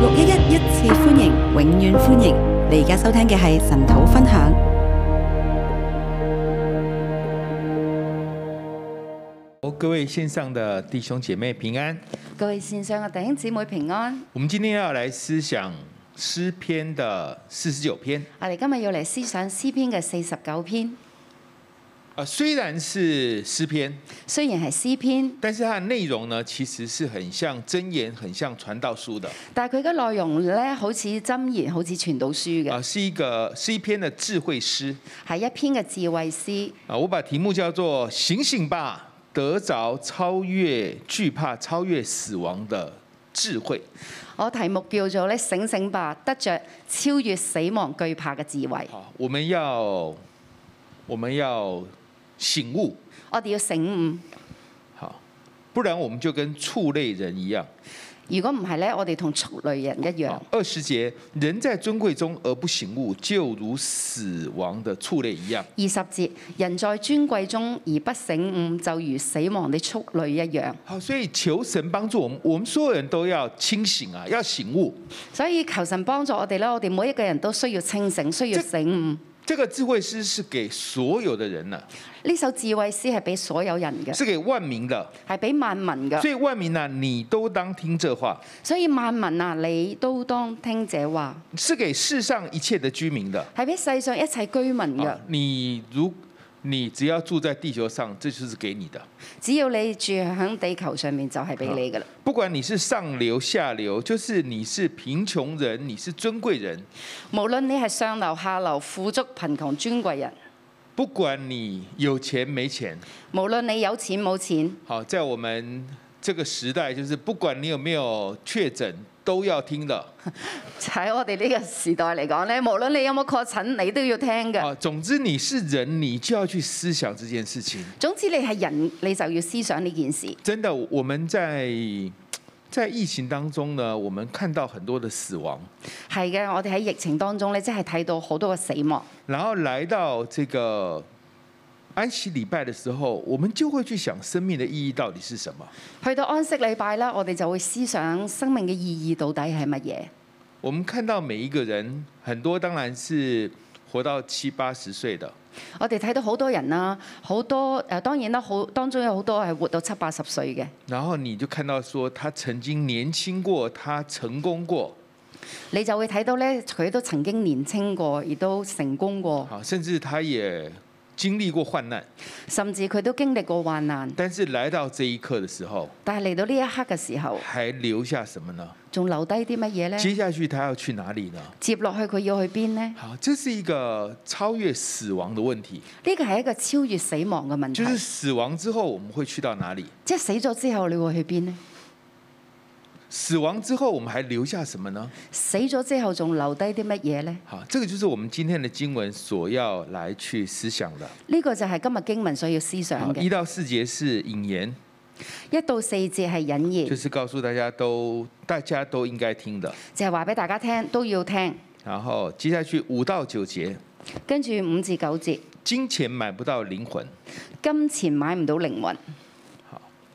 六一一一次歡迎，永遠歡迎！你而家收聽嘅係神土分享。我各位線上的弟兄姐妹平安，各位線上嘅弟兄姊妹平安。我們今天要來思想詩篇的四十九篇。我哋今日要嚟思想詩篇嘅四十九篇。啊，雖然是詩篇，雖然係詩篇，但是它的內容呢，其實是很像箴言，很像傳道書的。但係佢嘅內容呢，好似箴言，好似傳道書嘅。啊，是一個詩篇嘅智慧詩，係一篇嘅智慧詩。啊，我把題目叫做醒醒吧，得着超越、懼怕、超越死亡的智慧。我題目叫做呢醒醒吧，得着超越死亡、懼怕嘅智慧。好，我們要，我們要。醒悟，我哋要醒悟，好，不然我們就跟畜類人一樣。如果唔係咧，我哋同畜類人一樣。二十節，人在尊貴中而不醒悟，就如死亡的畜類一樣。二十節，人在尊貴中而不醒悟，就如死亡的畜類一樣。好，所以求神幫助我們，我我們所有人都要清醒啊，要醒悟。所以求神幫助我哋咧，我哋每一個人都需要清醒，需要醒悟。這個智慧詩是給所有的人呢。呢首智慧詩係俾所有人嘅，是給萬民的，係俾萬民嘅。所以萬民啊，你都當聽這話。所以萬民啊，你都當聽這話。是給世上一切的居民的，係俾世上一切居民嘅。你如。你只要住在地球上，這就是給你的。只要你住喺地球上面就係俾你嘅啦。不管你是上流下流，就是你是貧窮人，你是尊貴人。無論你係上流下流、富足貧窮、尊貴人。不管你有錢沒錢。無論你有錢冇錢。好，在我們這個時代，就是不管你有沒有確診。都要聽的，喺我哋呢個時代嚟講呢，無論你有冇確診，你都要聽嘅。啊，總之你是人，你就要去思想這件事情。總之你係人，你就要思想呢件事。真的，我們在在疫情當中呢，我們看到很多的死亡。係嘅，我哋喺疫情當中呢，即係睇到好多嘅死亡。然後來到這個。安息禮拜的時候，我們就會去想生命嘅意義到底係什麼。去到安息禮拜啦，我哋就會思想生命嘅意義到底係乜嘢。我們看到每一個人，很多當然係活到七八十歲的。我哋睇到好多人啦，好多誒當然啦，好當中有好多係活到七八十歲嘅。然後你就看到說，他曾經年輕過，他成功過，你就會睇到咧，佢都曾經年輕過，亦都成功過，甚至他也。經歷過患難，甚至佢都經歷過患難。但是來到這一刻的時候，但係嚟到呢一刻嘅時候，還留下什麼呢？仲留低啲乜嘢呢？接下去他要去哪裏呢？接落去佢要去邊呢？好，這是一個超越死亡的問題。呢個係一個超越死亡嘅問題。就是死亡之後我們會去到哪裏？即係死咗之後你會去邊呢？死亡之後，我們還留下什麼呢？死咗之後，仲留低啲乜嘢呢？好，這個就是我們今天的經文所要來去思想的。呢個就係今日經文所要思想嘅。一到四節是引言。一到四節係引言。就是告訴大家都大家都應該聽的。就係話俾大家聽，都要聽。然後接下去五到九節。跟住五至九節。金錢買不到靈魂。金錢買唔到靈魂。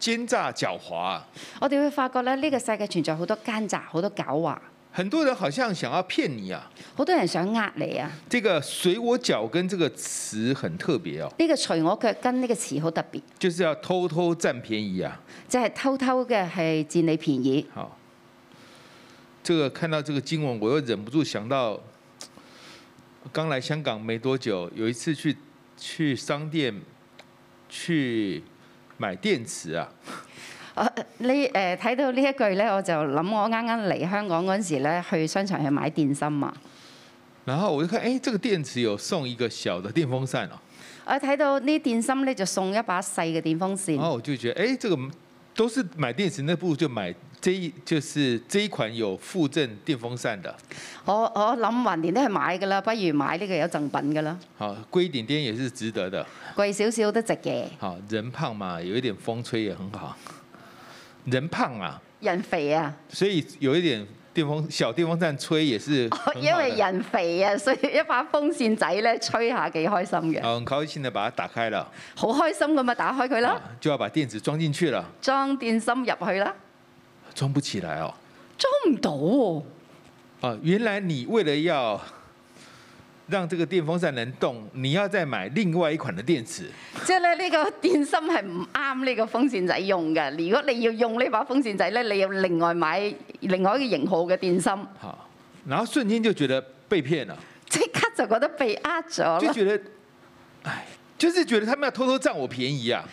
奸詐狡猾，我哋會發覺咧，呢個世界存在好多奸詐，好多狡猾。很多人好像想要騙你啊，好多人想呃你啊。這個隨我腳跟這個詞很特別哦。呢個隨我腳跟呢個詞好特別，就是要偷偷佔便宜啊。即係偷偷嘅係佔你便宜。好，這個看到這個經文，我又忍不住想到，剛來香港沒多久，有一次去去商店去。買電池啊！我呢，誒睇到呢一句咧，我就諗我啱啱嚟香港嗰陣時咧，去商場去買電芯嘛。然後我就看，誒、欸，這個電池有送一個小的電風扇啊。我睇到呢電芯咧就送一把細嘅電風扇。然後我就覺得，誒、欸這個欸，這個都是買電池，那不如就買。這一就是這一款有附贈電風扇的。我我諗橫掂都係買噶啦，不如買呢個有贈品噶啦。好，貴一點點也是值得的。貴少少都值嘅。好，人胖嘛，有一點風吹也很好。人胖啊。人肥啊。所以有一點電風小電風扇吹也是。因為人肥啊，所以一把風扇仔咧吹下幾開心嘅。好，我開心地把它打開了。好開心咁啊，打開佢啦。就要把電池裝進去了。裝電芯入去啦。裝不起來哦，裝唔到哦。原來你為了要讓這個電風扇能動，你要再買另外一款的電池。即係咧，呢個電芯係唔啱呢個風扇仔用嘅。如果你要用呢把風扇仔咧，你要另外買另外一個型號嘅電芯。然後瞬間就覺得被騙啦，即刻就覺得被呃咗，就覺得，唉，就是覺得他們要偷偷佔我便宜啊。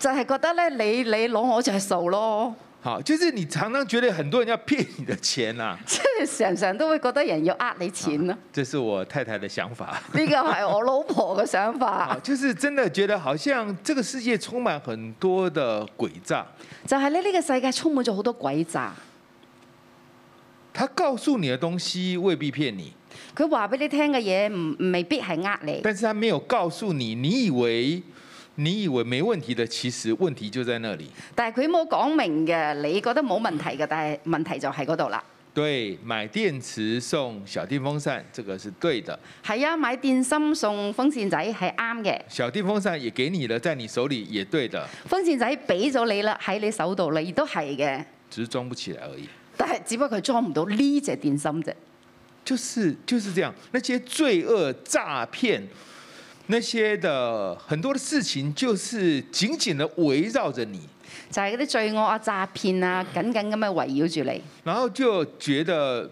就係覺得咧，你你攞我就係數咯。好，就是你常常覺得很多人要騙你的錢啊！即係常常都會覺得人要呃你錢咯。這是我太太的想法。呢個係我老婆嘅想法。就是真的覺得好像這個世界充滿很多的詭詐。就係咧，呢個世界充滿咗好多詭詐。他告訴你的東西未必騙你。佢話俾你聽嘅嘢未必係呃你，但是他沒有告訴你，你，你以為？你以為沒問題的，其實問題就在那裏。但係佢冇講明嘅，你覺得冇問題嘅，但係問題就喺嗰度啦。對，買電池送小電風扇，這個是對的。係啊，買電芯送風扇仔係啱嘅。小電風扇也給你了，在你手裏也對的。風扇仔俾咗你啦，喺你手度啦，亦都係嘅。只是裝不起來而已。但係只不過不，佢裝唔到呢隻電芯啫。就是，就是這樣。那些罪惡詐騙。那些的很多的事情，就是緊緊的圍繞着你，就係嗰啲罪惡啊、詐騙啊，緊緊咁樣圍繞住你。然後就覺得，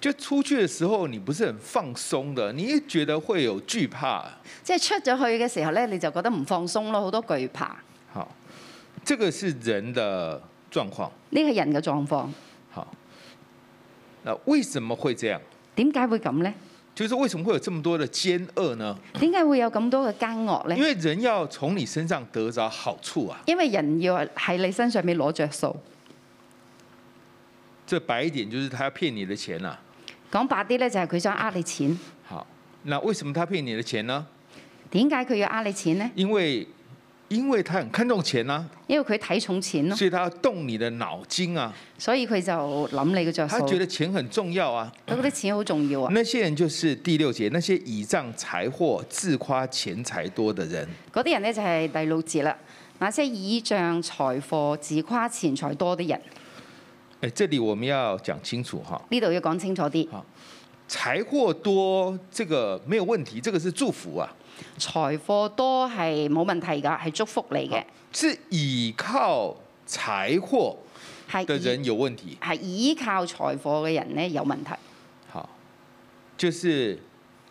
就出去嘅時候，你不是很放鬆的，你又覺得會有懼怕。即係出咗去嘅時候咧，你就覺得唔放鬆咯，好多懼怕。好，這個是人的狀況。呢個人嘅狀況。好，那為什麼會這樣？點解會咁咧？就是為什，為什麼會有這麼多的奸惡呢？點解會有咁多嘅奸惡呢？因為人要從你身上得着好處啊！因為人要喺你身上面攞着數。再白一點，就是他要騙你的錢啊。講白啲呢，就係佢想呃你錢。好，那為什麼他騙你的錢呢？點解佢要呃你錢呢？因為因為他很看重錢啊，因為佢睇重錢咯啊，所以他要動你的腦筋啊。所以佢就諗你嘅著數，佢覺得錢很重要啊，佢覺得錢好重要啊。那些人就是第六節，那些倚仗財貨、自誇錢財多的人。嗰啲人呢，就係第六節啦，那些倚仗財貨、自誇錢財多的人。誒，這裏我們要講清楚哈，呢度要講清楚啲。財貨多，這個沒有問題，這個是祝福啊。財貨多係冇問題㗎，係祝福你嘅。是倚靠財貨的人有問題。係倚靠財貨嘅人呢，有問題。好，就是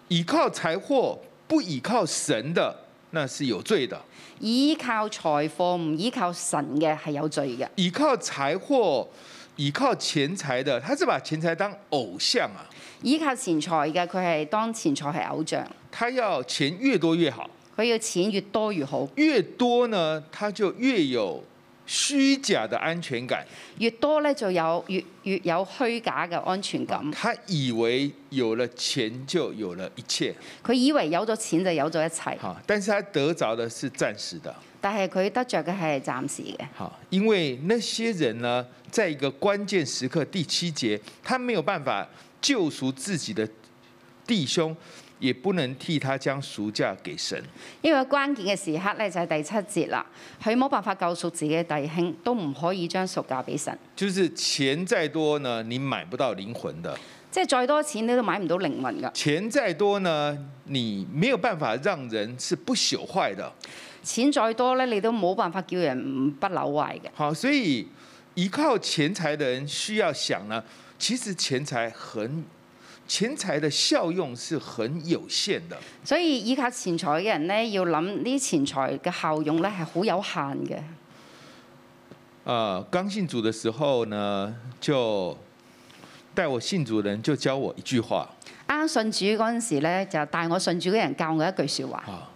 倚靠財貨不倚靠神的，那是有罪的。依靠財貨唔依靠神嘅，係有罪嘅。依靠財貨、依靠錢財的，他是把錢財當偶像啊。依靠錢財嘅佢係當錢財係偶像，他要錢越多越好，佢要錢越多越好，越多呢，他就越有虛假的安全感，越多呢就有越越有虛假嘅安全感，他以為有了錢就有了一切，佢以為有咗錢就有咗一切，哈，但是他得着的是暫時的，但係佢得着嘅係暫時嘅，好，因為那些人呢，在一個關鍵時刻第七節，他沒有辦法。救贖自己的弟兄，也不能替他將贖價給神。因為關鍵嘅時刻咧就係第七節啦，佢冇辦法救贖自己嘅弟兄，都唔可以將贖價俾神。就是錢再多呢，你買不到靈魂的。即係再多錢，你都買唔到靈魂嘅。錢再多呢，你沒有辦法讓人是不朽壞的。錢再多咧，你都冇辦法叫人不朽壞嘅。好，所以依靠錢財的人需要想呢。其實錢財很，錢財的效用是很有限的。所以依靠錢財嘅人咧，要諗呢啲錢財嘅效用咧係好有限嘅。啊，剛信主嘅時候呢，就帶我信主人就教我一句話。啱信主嗰陣時咧，就帶我信主嘅人教我一句説話。啊。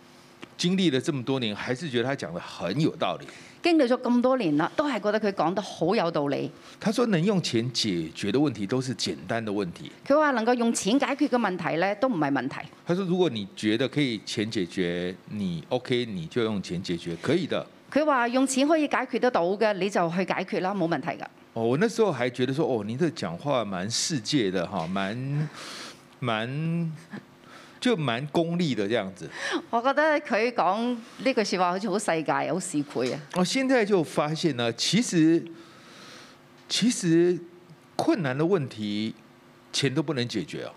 經歷了這麼多年，還是覺得他講得很有道理。經歷咗咁多年啦，都係覺得佢講得好有道理。他說：能用錢解決的問題，都是簡單的問題。佢話能夠用錢解決嘅問題咧，都唔係問題。他說：如果你覺得可以錢解決，你 OK，你就用錢解決，可以的。佢話用錢可以解決得到嘅，你就去解決啦，冇問題噶。哦，我那時候還覺得說，哦，你嘅講話蠻世界的，哈，蠻，蠻。 就蠻功利的，這樣子。我覺得佢講呢句説話好似好世界，好市儈啊！我現在就發現呢，其實其實困難的問題錢都不能解決啊！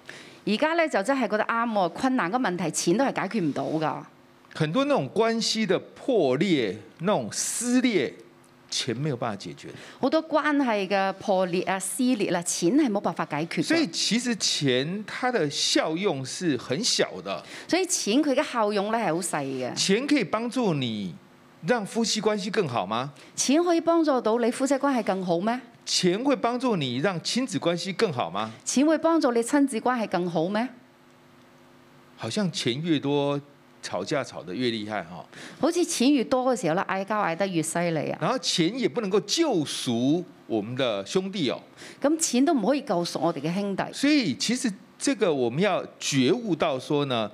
而家呢，就真係覺得啱喎，困難嘅問題錢都係解決唔到噶。很多那種關係的破裂，那種撕裂。錢沒有辦法解決，好多關係嘅破裂啊、撕裂啦，錢係冇辦法解決。所以其實錢，它的效用是很小的。所以錢佢嘅效用咧係好細嘅。錢可以幫助你讓夫妻關係更好嗎？錢可以幫助到你夫妻關係更好咩？錢會幫助你讓親子關係更好嗎？錢會幫助你親子關係更好咩？好，好像錢越多吵架吵得越厲害，哈，好似錢越多嘅時候咧，嗌交嗌得越犀利啊。然後錢也不能夠救贖我們的兄弟哦。咁錢都唔可以救贖我哋嘅兄弟。所以其實這個我們要覺悟到，說呢，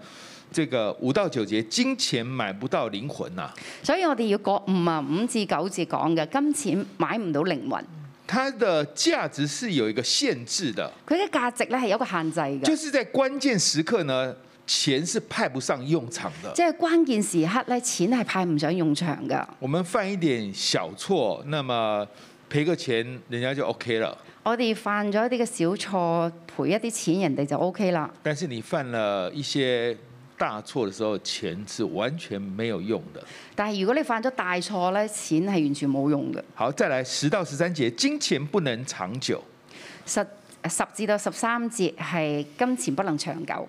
這個五到九節，金錢買不到靈魂啦啊。所以我哋要講五啊五至九節講嘅，金錢買唔到靈魂。它的價值是有一個限制的。佢嘅價值咧係有一個限制嘅，就是在關鍵時刻呢。錢是派不上用場的，即係關鍵時刻咧，錢係派唔上用場㗎。我們犯一點小錯，那麼賠個錢，人家就 OK 了。我哋犯咗一啲嘅小錯，賠一啲錢，人哋就 OK 啦。但是你犯了一些大錯嘅時候，錢是完全沒有用的。但係如果你犯咗大錯咧，錢係完全冇用嘅。好，再來十到十三節，金錢不能長久。十十至到十三節係金錢不能長久。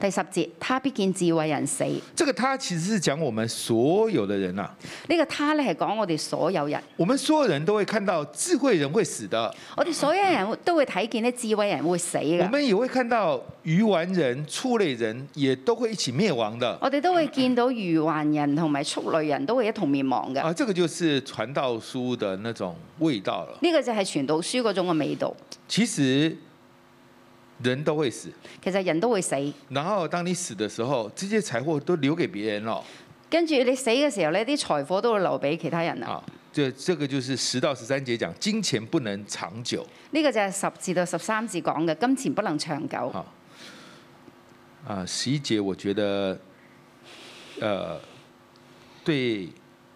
第十節，他必見智慧人死。這個他其實是講我們所有的人啊。呢個他咧係講我哋所有人。我們所有人都會看到智慧人會死的。我哋所有人都會睇見啲智慧人會死嘅。嗯、我們也會看到愚頑人、畜類人也都會一起滅亡的。我哋都會見到愚頑人同埋畜類人都會一同滅亡嘅。啊，這個就是《傳道書》的那種味道了。呢個就係《傳道書》嗰種嘅味道。其實。人都會死，其實人都會死。然後當你死的時候，這些財貨都留給別人咯。跟住你死嘅時候呢啲財貨都會留俾其他人啦。啊，就這個就是十到十三節講金錢不能長久。呢個就係十至到十三字講嘅金錢不能長久。啊，十一節我覺得，誒、呃，對。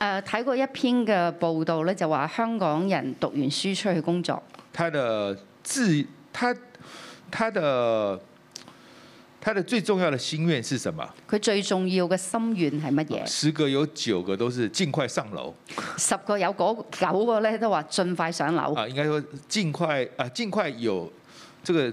誒睇過一篇嘅報道咧，就話香港人讀完書出去工作，他的志他他的他的最重要的心願是什麼？佢最重要嘅心願係乜嘢？十個有九個都是盡快上樓。十個有九個咧都話盡快上樓。啊，應該話盡快啊，盡快有這個。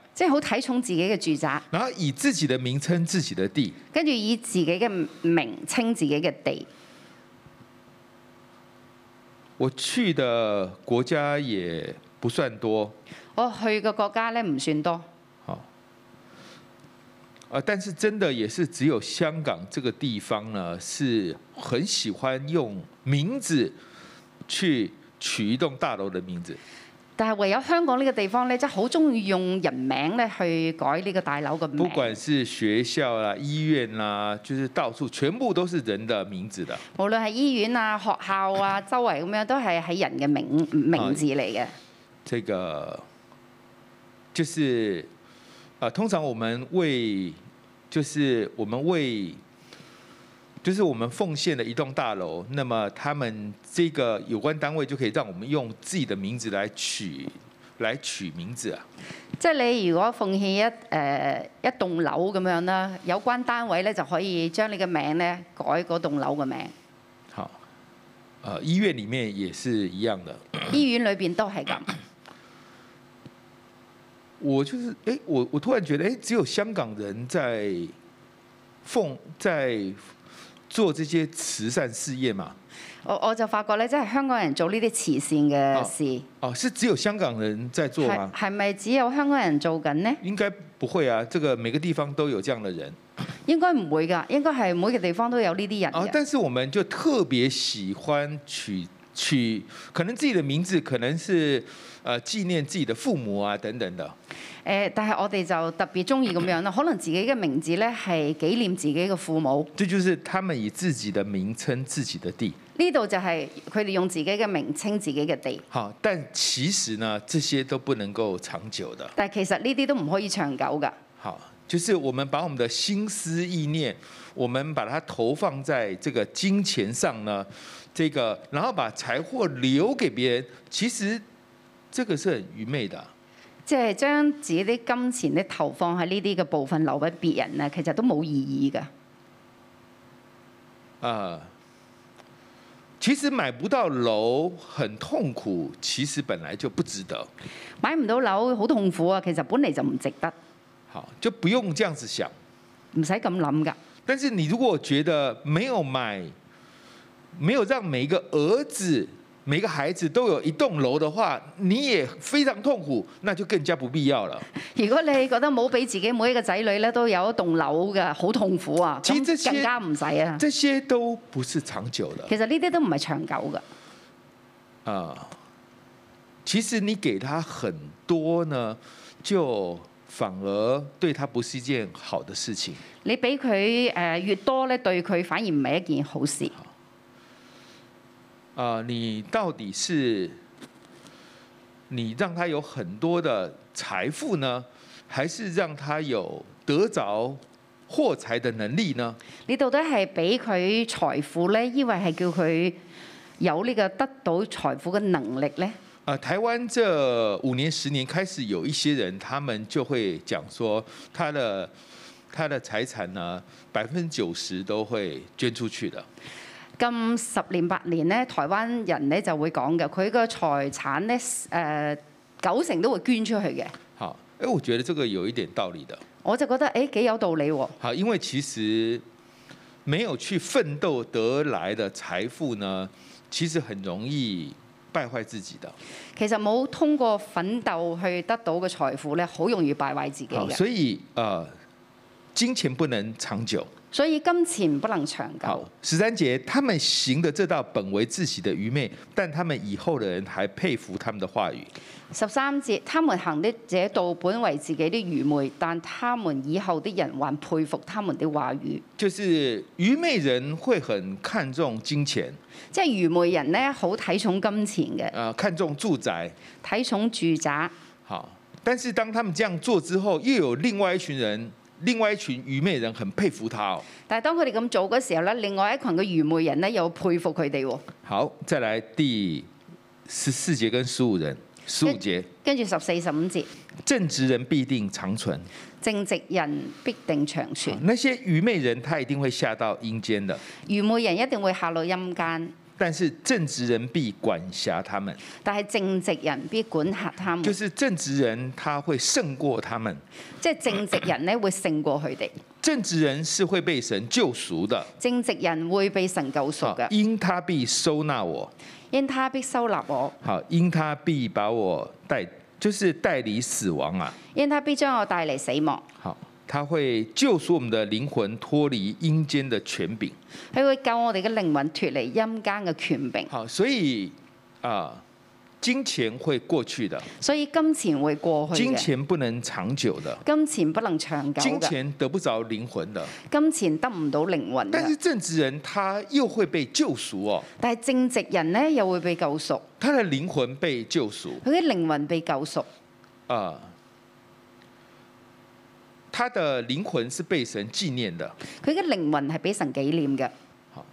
即係好睇重自己嘅住宅，然後以自己嘅名稱、自己嘅地，跟住以自己嘅名稱、稱自己嘅地。我去的國家也不算多，我去嘅國家咧唔算多。但是真的也是只有香港這個地方呢，是很喜歡用名字去取一棟大樓的名字。但係唯有香港呢個地方咧，即係好中意用人名咧去改呢個大樓嘅名。不管是學校啊、醫院啊，就是到處全部都是人的名字的。無論係醫院啊、學校啊，周圍咁樣都係喺人嘅名名字嚟嘅。啊，這個，就是，啊，通常我們為，就是我們為。就是我們奉獻了一棟大樓，那麼他們這個有關單位就可以讓我們用自己的名字來取來取名字啊。即係你如果奉獻一誒、呃、一棟樓咁樣啦，有關單位咧就可以將你嘅名咧改嗰棟樓嘅名。好，誒、呃、醫院裡面也是一樣的。醫院裏邊都係咁 。我就是，誒、欸、我我突然覺得，誒、欸、只有香港人在奉在。做這些慈善事業嘛？我我就發覺咧，即係香港人做呢啲慈善嘅事。哦，是只有香港人在做嗎？係咪只有香港人做緊呢？應該不會啊！這個每個地方都有這樣的人。應該唔會㗎，應該係每個地方都有呢啲人。啊，但是我們就特別喜歡取取，可能自己的名字可能是，呃，紀念自己的父母啊，等等的。但係我哋就特別中意咁樣咯，咳咳 可能自己嘅名字呢係紀念自己嘅父母。這就是他們以自己的名稱、自己的地。呢度就係佢哋用自己嘅名稱、自己嘅地。好，但其實呢，這些都不能夠長久的。但其實呢啲都唔可以長久嘅。好，就是我們把我們的心思意念，我們把它投放在這個金錢上呢，這個，然後把財貨留給別人，其實這個是很愚昧的。即係將自己啲金錢咧投放喺呢啲嘅部分，留俾別人啊，其實都冇意義㗎。啊，其實買不到樓很痛苦，其實本來就不值得。買唔到樓好痛苦啊，其實本嚟就唔值得。好，就不用這樣子想，唔使咁諗㗎。但是你如果覺得沒有買，沒有讓每一個兒子，每個孩子都有一棟樓的話，你也非常痛苦，那就更加不必要了。如果你覺得冇俾自己每一個仔女咧都有一棟樓嘅，好痛苦啊，咁更加唔使啊。這些都不是長久的。其實呢啲都唔係長久嘅。啊，其實你給他很多呢，就反而對他不是一件好的事情。你俾佢誒越多咧，對佢反而唔係一件好事。你到底是你讓他有很多的財富呢，還是讓他有得着獲財的能力呢？你到底係俾佢財富呢，依或抑或係叫佢有呢個得到財富嘅能力呢？啊，台灣這五年、十年開始，有一些人，他們就會講說，他的他的財產呢，百分之九十都會捐出去的。咁十年八年呢，台灣人呢就會講嘅，佢個財產呢，誒、呃、九成都會捐出去嘅。嚇！誒，我覺得這個有一點道理的。我就覺得誒幾、欸、有道理喎。嚇！因為其實沒有去奮鬥得來的財富呢，其實很容易敗壞自己的。其實冇通過奮鬥去得到嘅財富呢，好容易敗壞自己嘅。所以誒、呃，金錢不能長久。所以金錢不能長久。十三節，他們行的這道本為自己的愚昧，但他們以後的人還佩服他們的話語。十三節，他們行的這道本為自己的愚昧，但他們以後的人還佩服他們的話語。就是愚昧人會很看重金錢，即係愚昧人呢好睇重金錢嘅。啊、呃，看重住宅，睇重住宅。好，但是當他們這樣做之後，又有另外一群人。另外一群愚昧人很佩服他，但係當佢哋咁做嘅時候咧，另外一群嘅愚昧人咧又佩服佢哋。好，再來第十四節跟十五節，十五節跟住十四、十五節，正直人必定長存，正直人必定長存。那些愚昧人，他一定會下到陰間的，愚昧人一定會下落陰間。但是正直人必管轄他們，但係正直人必管轄他們，就是正直人他會勝過他們，即係正直人呢會勝過佢哋。正直人是會被神救贖的，正直人會被神救贖嘅。因他必收納我，因他必收納我，好，因他必把我帶，就是帶離死亡啊。因他必將我帶嚟死亡。他會救贖我們的靈魂脱離陰間的權柄，佢會救我哋嘅靈魂脱離陰間嘅權柄。好，所以啊、呃，金錢會過去的，所以金錢會過去，金錢不能長久的，金錢不能長久，金錢得不着靈魂的，金錢得唔到靈魂。但是正直人他又會被救贖哦，但係正直人呢又會被救贖，他的靈魂被救贖，佢嘅靈魂被救贖啊。呃他的靈魂是被神紀念的，佢嘅靈魂係俾神紀念嘅，好，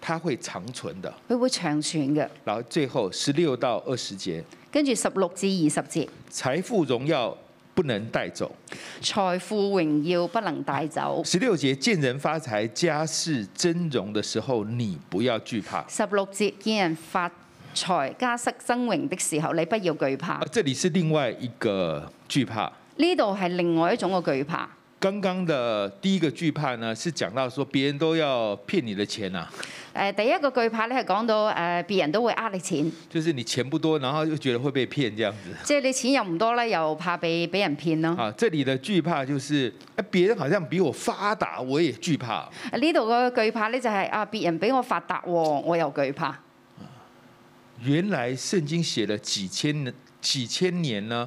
他會長存的，佢會,會長存嘅。然後最後十六到二十節，跟住十六至二十節，財富榮耀不能帶走，財富榮耀不能帶走。十六節,節見人發財家室增榮的時候，你不要懼怕。十六節見人發財家室增榮的時候，你不要懼怕。這裏是另外一個懼怕。呢度係另外一種嘅懼怕。剛剛的第一個懼怕呢，是講到說別人都要騙你的錢啦、啊。誒、呃，第一個懼怕咧係講到誒、呃，別人都會呃你錢。就是你錢不多，然後又覺得會被騙，這樣子。即係你錢又唔多咧，又怕被俾人騙咯。啊，這裡的懼怕就是誒，別人好像比我發達，我也懼怕。呢度個懼怕咧就係、是、啊，別人比我發達，我又懼怕。原來聖經寫了幾千年，幾千年呢？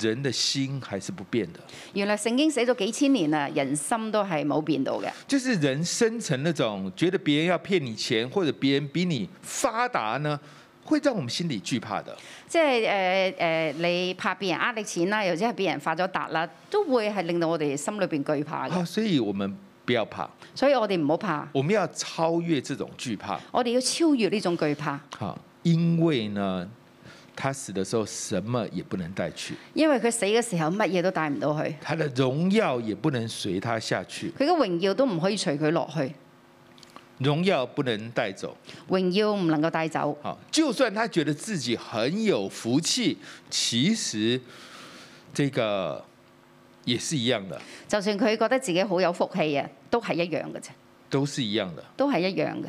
人的心還是不變的。原來聖經寫咗幾千年啊，人心都係冇變到嘅。就是人生成那種，覺得別人要騙你錢，或者別人比你發達呢，會讓我們心裏懼怕的。即係，誒誒，你怕別人呃你錢啦，又或者係別人發咗達啦，都會係令到我哋心裏邊懼怕嘅、啊。所以，我們不要怕。所以我哋唔好怕，我們要超越這種懼怕。我哋要超越呢種懼怕。好、啊。因為呢，他死的時候什麼也不能帶去。因為他死的時候，乜嘢都帶唔到去。他的榮耀也不能隨他下去。佢嘅榮耀都唔可以隨佢落去。榮耀不能帶走。榮耀唔能夠帶走。就算他覺得自己很有福氣，其實這個也是一樣的。就算佢覺得自己好有福氣啊，都係一樣嘅啫。都是一樣的。都係一樣嘅。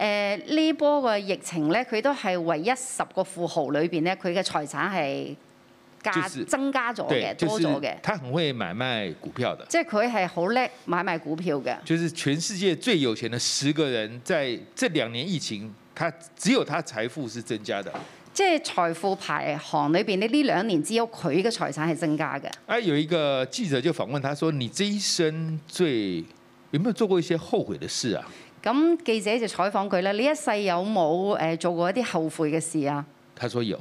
誒呢波嘅疫情咧，佢都係唯一十個富豪裏邊咧，佢嘅財產係加、就是、增加咗嘅，對多咗嘅。他很會買賣股票嘅，即係佢係好叻買賣股票嘅。就是全世界最有錢嘅十個人，在這兩年疫情，他只有他財富是增加的。即係財富排行裏邊咧，呢兩年只有佢嘅財產係增加嘅。啊，有一個記者就訪問他，說：你這一生最有沒有做過一些後悔的事啊？.咁記者就採訪佢啦，你一世有冇誒做過一啲後悔嘅事啊？他說有。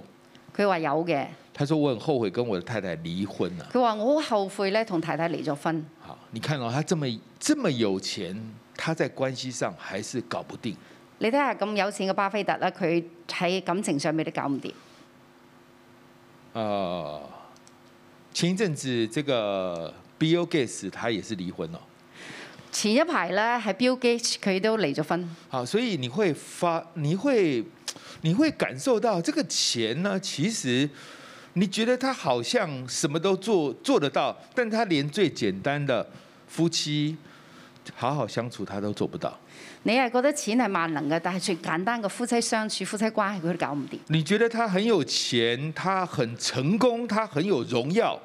佢話有嘅。他說：我很後悔跟我的太太離婚啊。佢話：我好後悔咧，同太太離咗婚。好，你睇咯，哦，他這麼這麼有錢，他在關係上還是搞不定，你看看。你睇下咁有錢嘅巴菲特啦，佢喺感情上面都搞唔掂。啊，前一陣子這個 Bill Gates 他也是離婚咯。前一排呢，係 Bill Gates，佢都離咗婚。好，所以你會發，你會，你會感受到，這個錢呢，其實，你覺得他好像什麼都做做得到，但他連最簡單的夫妻好好相處，他都做不到。你係覺得錢係萬能嘅，但係最簡單嘅夫妻相處、夫妻關係，佢都搞唔掂。你覺得他很有錢，他很成功，他很有榮耀。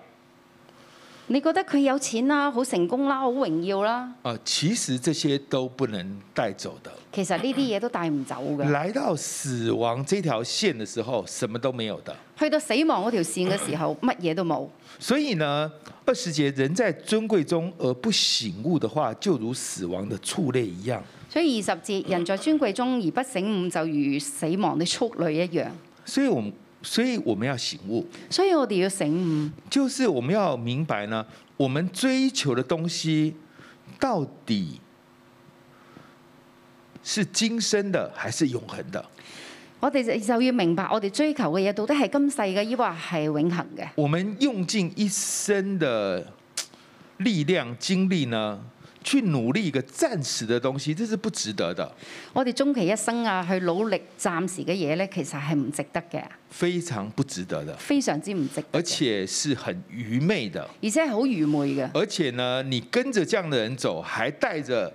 你覺得佢有錢啦、啊，好成功啦、啊，好榮耀啦。啊，其實這些都不能帶走的。其實呢啲嘢都帶唔走嘅。來到死亡這條線嘅時候，什麼都沒有的。去到死亡嗰條線嘅時候，乜嘢咳咳都冇。所以呢，二十節人在尊貴中而不醒悟的話，就如死亡的畜類一樣。所以二十節人在尊貴中而不醒悟，就如死亡的畜類一樣。咳咳，所以，我。所以我們要醒悟，所以我哋要醒悟，就是我們要明白呢，我們追求的東西到底是今生的還是永恒的？我哋就要明白，我哋追求嘅嘢到底係今世嘅，抑或係永恒嘅？我們用盡一生的力量、精力呢？去努力一個暫時的東西，這是不值得的。我哋終其一生啊，去努力暫時嘅嘢呢，其實係唔值得嘅。非常不值得的。非常之唔值得。而且是很愚昧的。而且好愚昧嘅。而且呢，你跟着這樣的人走，還帶着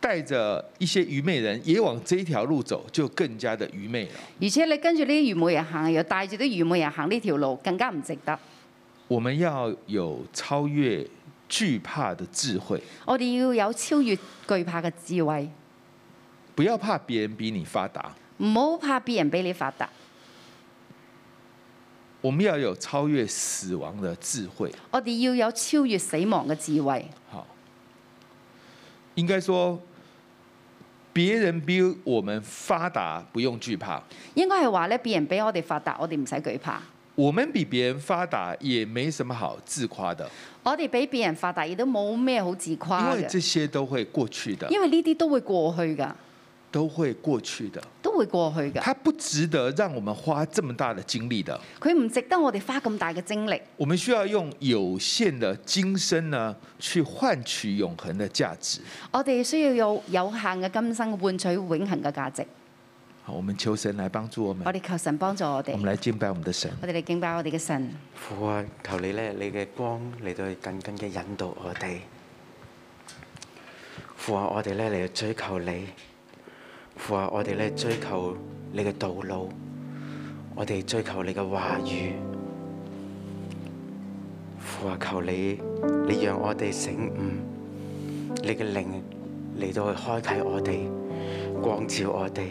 帶着一些愚昧人，也往這一條路走，就更加的愚昧了。而且你跟着呢啲愚昧人行，又帶住啲愚昧人行呢條路，更加唔值得。我們要有超越懼怕的智慧，我哋要有超越懼怕嘅智慧。不要怕別人比你發達，唔好怕別人比你發達。我們要有超越死亡的智慧，我哋要有超越死亡嘅智慧。好，應該說，別人比我們發達，不用懼怕。應該係話咧，別人比我哋發達，我哋唔使懼怕。我們比別人發達也沒什麼好自誇的。我哋比別人發達亦都冇咩好自誇嘅。因為這些都會過去的。因為呢啲都會過去噶，都會過去的，都會過去噶。它不值得讓我們花這麼大的精力的。佢唔值得我哋花咁大嘅精力。我們需要用有限嘅今生呢，去換取永恆嘅價值。我哋需要用有限嘅今生換取永恆嘅價值。我們求神來幫助我們。我哋求神幫助我哋。我們來敬拜我們的神。我哋嚟敬拜我哋嘅神。父啊，求你呢，你嘅光嚟到去緊緊嘅引導我哋。父啊，我哋呢嚟追求你。父啊，我哋呢追求你嘅道路，我哋追求你嘅話語。父啊，求你，你讓我哋醒悟，你嘅靈嚟到去開啟我哋，光照我哋。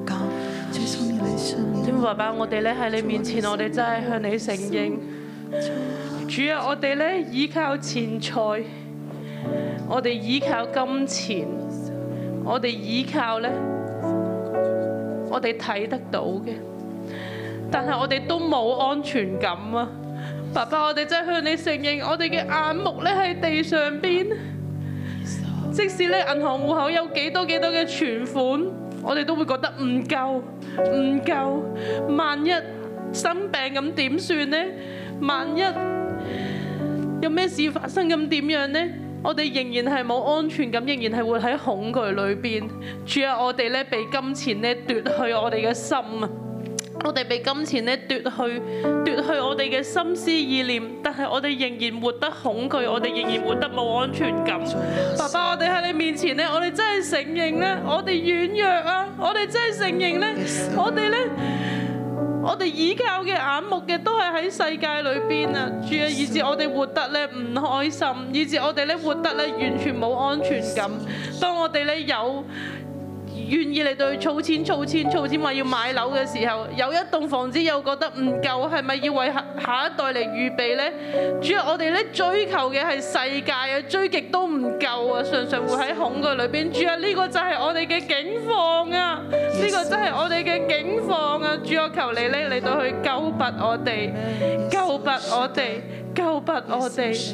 天父爸爸，我哋咧喺你面前，我哋真係向你承認，主啊，我哋咧倚靠錢財，我哋依，依靠金錢，我哋依靠咧，我哋睇得到嘅，但係我哋都冇安全感啊！爸爸，我哋真係向你承認，我哋嘅眼目咧喺地上邊，即使咧銀行戶口有幾多幾多嘅存款。我哋都會覺得唔夠，唔夠。萬一生病咁點算呢？萬一有咩事發生咁點樣呢？我哋仍然係冇安全感，仍然係會喺恐懼裏面。主啊，我哋被金錢咧奪去我哋嘅心我哋被金錢咧奪去，奪去我哋嘅心思意念，但係我哋仍然活得恐懼，我哋仍然活得冇安全感。爸爸，我哋喺你面前咧，我哋真係承認咧，我哋軟弱啊，我哋真係承認咧，我哋咧，我哋依靠嘅眼目嘅都係喺世界裏邊啊，主要以至我哋活得咧唔開心，以至我哋咧活得咧完全冇安全感。當我哋咧有。願意嚟到去儲錢儲錢儲錢，話要買樓嘅時候，有一棟房子又覺得唔夠，係咪要為下一代嚟預備呢？主要我哋咧追求嘅係世界啊，追極都唔夠啊，常常會喺恐懼裏邊。主要啊，呢、這個就係我哋嘅境況啊，呢、這個真係我哋嘅境況啊。主要求你呢，嚟到去救拔我哋，救拔我哋，救拔我哋。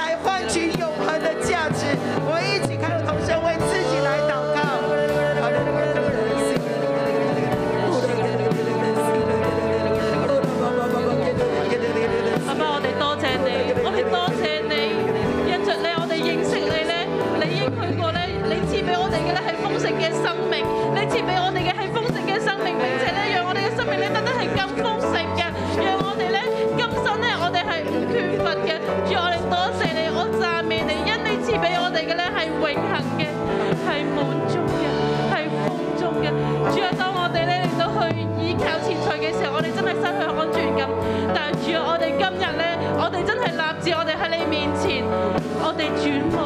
你轉目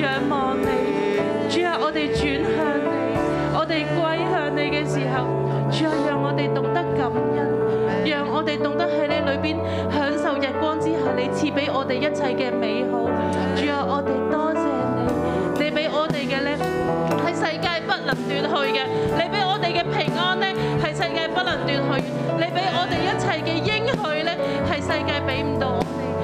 仰望你，主啊，我哋轉向你，我哋歸向你嘅時候，主啊，讓我哋懂得感恩，讓我哋懂得喺你裏邊享受日光之下，你賜俾我哋一切嘅美好。主啊，我哋多謝你，你俾我哋嘅咧係世界不能奪去嘅，你俾我哋嘅平安咧係世界不能奪去，你俾我哋一切嘅應許咧係世界俾唔到我哋。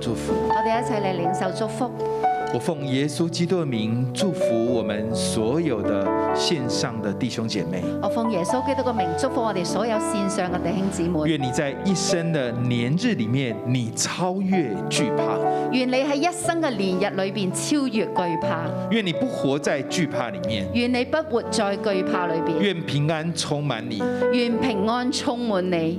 祝福，我哋一齊嚟領受祝福。我奉耶穌基督嘅名祝福我們所有的線上的弟兄姐妹。我奉耶穌基督嘅名祝福我哋所有線上嘅弟兄姊妹。願你在一生的年日裏面，你超越懼怕。願你喺一生嘅年日裏邊超越懼怕。願你不活在懼怕裏面。願你不活在懼怕裏邊。願平安充滿你。願平安充滿你。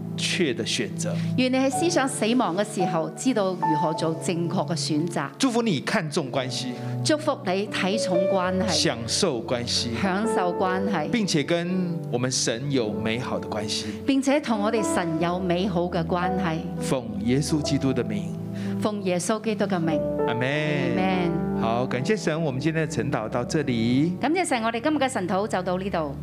確的選擇。原來喺思想死亡嘅時候，知道如何做正確嘅選擇。祝福你看重關係，祝福你睇重關係，享受關係，享受關係，並且跟我們神有美好的關係，並且同我哋神有美好嘅關係。奉耶穌基督的名，奉耶穌基督嘅名。阿門。好，感謝神，我們今天的晨禱到這裏。感謝神，我哋今日嘅晨禱就到呢度。